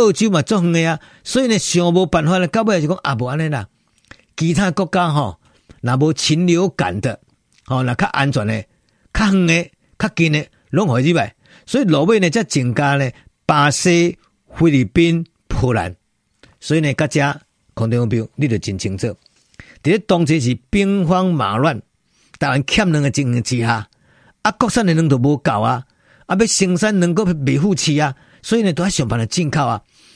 澳洲嘛足遠的啊，所以呢想無辦法啦，到尾就講阿無安尼啦，其他國家吼若無禽流感的，吼，若較安全的較遠的較近的攏可以喂，所以落尾呢才增加呢，巴西、菲律賓、波蘭，所以呢各家空調表，你著真清楚，啲當時是兵荒馬亂，但係欠兩個資金之下，啊國產的嘢都冇夠啊，啊要生產能夠維護起啊，所以呢都要想辦法進口啊。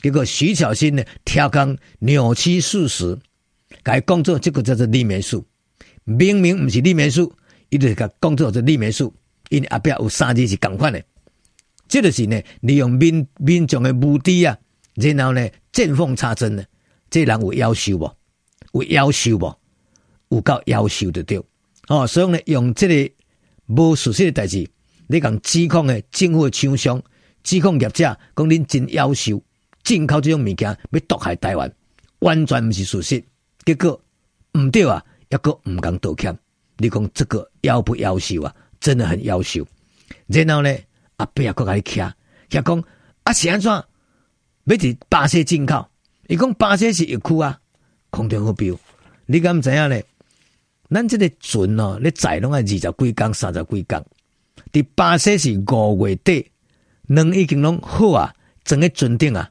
結果，徐巧芯呢，挑工扭曲事實，改工作，這個叫做立棉樹。明明唔是立棉樹，伊就改工作做立棉樹，因為後邊有三字是共款的。這就是呢，利用民民眾嘅目的啊，然後呢，見縫插針呢，這個人有要求無？有要求無？有夠要求的對哦。所以呢，用這個無熟悉嘅代志，你講指控嘅政府嘅廠商，指控業者講你真要求。進口這種物件要毒害台灣，完全不是事實。結果唔對啊，抑擱唔敢道歉。你講這個要不要修啊？真的很要修。然後呢，阿伯又過來徛，徛講啊，是安怎，要佇巴西進口。伊講巴西是疫區啊，空調好標。你敢唔知啊咧？咱這個船哦，你載攏啊二十幾天、三十幾天。佇巴西是五月底，人已經攏好啊，裝喺船頂啊。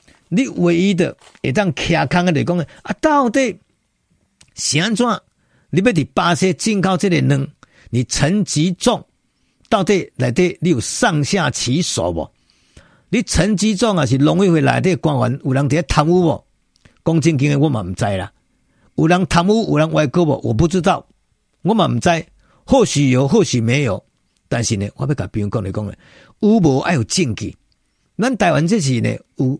你唯一的會當客觀來講啊，到底是安怎？你要佇巴西進口這裡弄，你陳吉仲到底內地你有上下其手無？你陳吉仲啊是農委會內的官員有人在貪污無？講真的我們唔知啦，有人貪污有人歪哥無？我不知道，我們唔知道，或許有或許沒有，但是呢，我要甲朋友講嚟講咧，有無要有證據？咱台灣這是呢有。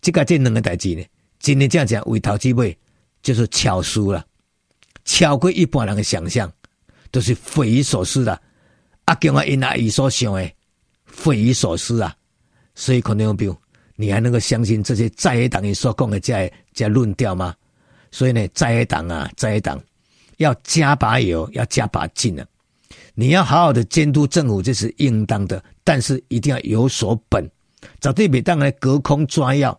這個這兩個代誌呢，今天這樣講，委託機會，就是巧書了，超過一般人嘅想象，都、就是匪夷所思的。阿共阿因啊，伊所想嘅，匪夷所思啊！所以觀眾朋友，你還能夠相信這些在野黨人所講嘅這些論調嗎？所以呢，在野黨啊，在野黨要加把油，要加把勁啊！你要好好的監督政府，這是應當的，但是一定要有所本。絕對袂當按呢隔空抓藥。